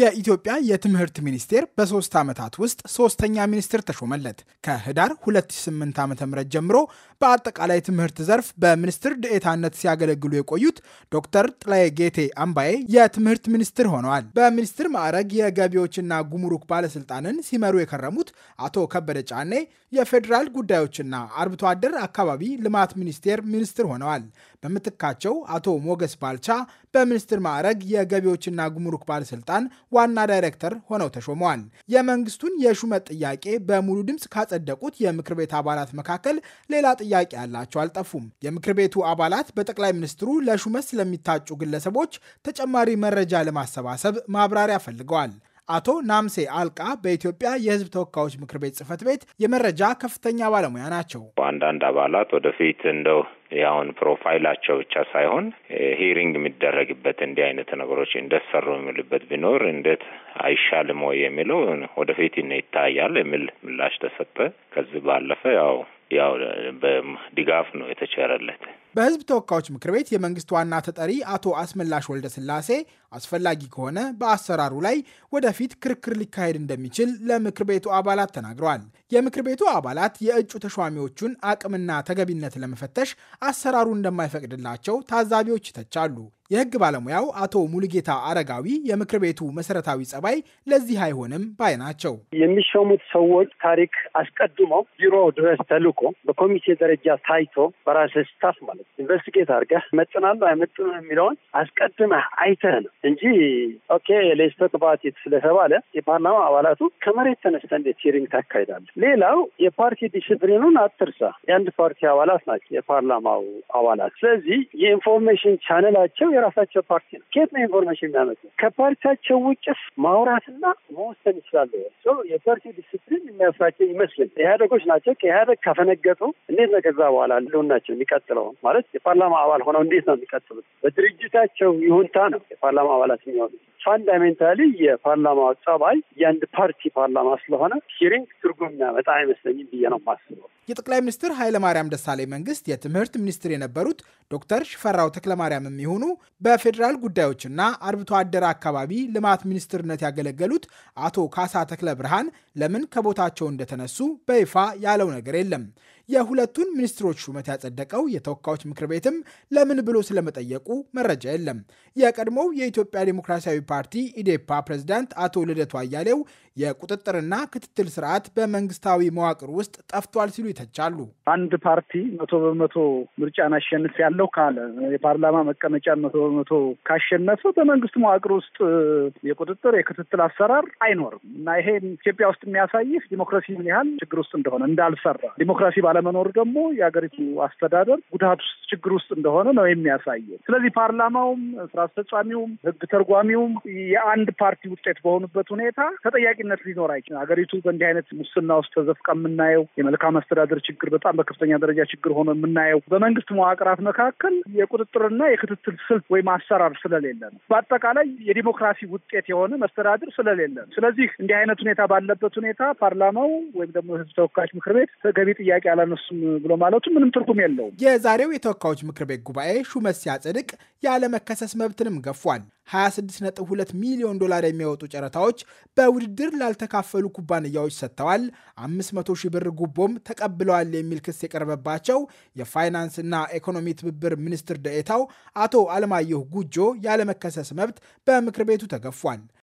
የኢትዮጵያ የትምህርት ሚኒስቴር በሶስት ዓመታት ውስጥ ሶስተኛ ሚኒስትር ተሾመለት። ከህዳር 2008 ዓ ም ጀምሮ በአጠቃላይ ትምህርት ዘርፍ በሚኒስትር ድኤታነት ሲያገለግሉ የቆዩት ዶክተር ጥላዬ ጌቴ አምባዬ የትምህርት ሚኒስትር ሆነዋል። በሚኒስትር ማዕረግ የገቢዎችና ጉምሩክ ባለስልጣንን ሲመሩ የከረሙት አቶ ከበደ ጫኔ የፌዴራል ጉዳዮችና አርብቶ አደር አካባቢ ልማት ሚኒስቴር ሚኒስትር ሆነዋል። በምትካቸው አቶ ሞገስ ባልቻ በሚኒስትር ማዕረግ የገቢዎችና ጉምሩክ ባለስልጣን ዋና ዳይሬክተር ሆነው ተሾመዋል። የመንግስቱን የሹመት ጥያቄ በሙሉ ድምፅ ካጸደቁት የምክር ቤት አባላት መካከል ሌላ ጥያቄ ያላቸው አልጠፉም። የምክር ቤቱ አባላት በጠቅላይ ሚኒስትሩ ለሹመት ስለሚታጩ ግለሰቦች ተጨማሪ መረጃ ለማሰባሰብ ማብራሪያ ፈልገዋል። አቶ ናምሴ አልቃ በኢትዮጵያ የሕዝብ ተወካዮች ምክር ቤት ጽህፈት ቤት የመረጃ ከፍተኛ ባለሙያ ናቸው። አንዳንድ አባላት ወደፊት እንደው ያሁን ፕሮፋይላቸው ብቻ ሳይሆን ሂሪንግ የሚደረግበት እንዲህ አይነት ነገሮች እንደሰሩ የሚልበት ቢኖር እንዴት አይሻልም ወይ የሚለው ወደፊት ይታያል የሚል ምላሽ ተሰጠ። ከዚህ ባለፈ ያው ያው በድጋፍ ነው የተቸረለት። በህዝብ ተወካዮች ምክር ቤት የመንግስት ዋና ተጠሪ አቶ አስመላሽ ወልደ ስላሴ አስፈላጊ ከሆነ በአሰራሩ ላይ ወደፊት ክርክር ሊካሄድ እንደሚችል ለምክር ቤቱ አባላት ተናግረዋል። የምክር ቤቱ አባላት የእጩ ተሿሚዎቹን አቅምና ተገቢነት ለመፈተሽ አሰራሩ እንደማይፈቅድላቸው ታዛቢዎች ይተቻሉ። የህግ ባለሙያው አቶ ሙሉጌታ አረጋዊ የምክር ቤቱ መሰረታዊ ጸባይ ለዚህ አይሆንም ባይ ናቸው። የሚሾሙት ሰዎች ታሪክ አስቀድሞ ቢሮ ድረስ ተልኮ በኮሚቴ ደረጃ ታይቶ በራስ ስታፍ ማለት ኢንቨስቲጌት አድርገህ መጥናሉ አይመጥኑ የሚለውን አስቀድመህ አይተህ ነው እንጂ ኦኬ ሌስተክ ባቲት ስለተባለ የፓርላማ አባላቱ ከመሬት ተነስተ እንዴት ሂሪንግ ታካሂዳለህ? ሌላው የፓርቲ ዲስፕሊኑን አትርሳ። የአንድ ፓርቲ አባላት ናቸው የፓርላማው አባላት። ስለዚህ የኢንፎርሜሽን ቻነላቸው የራሳቸው ፓርቲ ነው። ከየት ነው ኢንፎርሜሽን የሚያመጡ? ከፓርቲያቸው ውጭስ ማውራትና መወሰን ይችላሉ። የፓርቲ ዲስፕሊን የሚያስራቸው ይመስልን ኢህአዴጎች ናቸው። ከኢህአዴግ ካፈነገጡ እንዴት ነው ከዛ በኋላ ልሆናቸው የሚቀጥለው ማለት የፓርላማ አባል ሆነው እንዴት ነው የሚቀጥሉት? በድርጅታቸው ይሁንታ ነው የፓርላማ አባላት የሚሆኑ። ፋንዳሜንታሊ የፓርላማ ጸባይ የአንድ ፓርቲ ፓርላማ ስለሆነ ሂሪንግ ትርጉም ያመጣ አይመስለኝም ብዬ ነው የማስበው። የጠቅላይ ሚኒስትር ኃይለማርያም ደሳለኝ መንግስት የትምህርት ሚኒስትር የነበሩት ዶክተር ሽፈራው ተክለማርያም የሚሆኑ በፌዴራል ጉዳዮችና አርብቶ አደር አካባቢ ልማት ሚኒስትርነት ያገለገሉት አቶ ካሳ ተክለ ብርሃን ለምን ከቦታቸው እንደተነሱ በይፋ ያለው ነገር የለም። የሁለቱን ሚኒስትሮች ሹመት ያጸደቀው የተወካዮች ምክር ቤትም ለምን ብሎ ስለመጠየቁ መረጃ የለም። የቀድሞው የኢትዮጵያ ዴሞክራሲያዊ ፓርቲ ኢዴፓ ፕሬዝዳንት አቶ ልደቱ አያሌው የቁጥጥርና ክትትል ስርዓት በመንግስታዊ መዋቅር ውስጥ ጠፍቷል ሲሉ ይተቻሉ። አንድ ፓርቲ መቶ በመቶ ምርጫን አሸንፍ ያለው ካለ የፓርላማ መቀመጫን መቶ በመቶ ካሸነፈ በመንግስት መዋቅር ውስጥ የቁጥጥር የክትትል አሰራር አይኖርም እና ይሄ ኢትዮጵያ ውስጥ የሚያሳይህ ዲሞክራሲ ምን ያህል ችግር ውስጥ እንደሆነ እንዳልሰራ ዲሞክራሲ ባለ አለመኖር ደግሞ የሀገሪቱ አስተዳደር ጉዳት ውስጥ ችግር ውስጥ እንደሆነ ነው የሚያሳየው። ስለዚህ ፓርላማውም ስራ አስፈጻሚውም ህግ ተርጓሚውም የአንድ ፓርቲ ውጤት በሆኑበት ሁኔታ ተጠያቂነት ሊኖር አይችልም። ሀገሪቱ በእንዲህ አይነት ሙስና ውስጥ ተዘፍቃ የምናየው የመልካም አስተዳደር ችግር በጣም በከፍተኛ ደረጃ ችግር ሆኖ የምናየው በመንግስት መዋቅራት መካከል የቁጥጥርና የክትትል ስልት ወይም አሰራር ስለሌለ ነው። በአጠቃላይ የዲሞክራሲ ውጤት የሆነ መስተዳድር ስለሌለ ነው። ስለዚህ እንዲህ አይነት ሁኔታ ባለበት ሁኔታ ፓርላማው ወይም ደግሞ ህዝብ ተወካዮች ምክር ቤት ተገቢ ጥያቄ አላነሱም ብሎ ማለቱ ምንም ትርጉም የለውም። የዛሬው የተወካዮች ምክር ቤት ጉባኤ ሹመት ሲያጸድቅ ያለመከሰስ መብትንም ገፏል። 26.2 ሚሊዮን ዶላር የሚያወጡ ጨረታዎች በውድድር ላልተካፈሉ ኩባንያዎች ሰጥተዋል፣ 500 ሺህ ብር ጉቦም ተቀብለዋል የሚል ክስ የቀረበባቸው የፋይናንስና ኢኮኖሚ ትብብር ሚኒስትር ደኤታው አቶ አለማየሁ ጉጆ ያለመከሰስ መብት በምክር ቤቱ ተገፏል።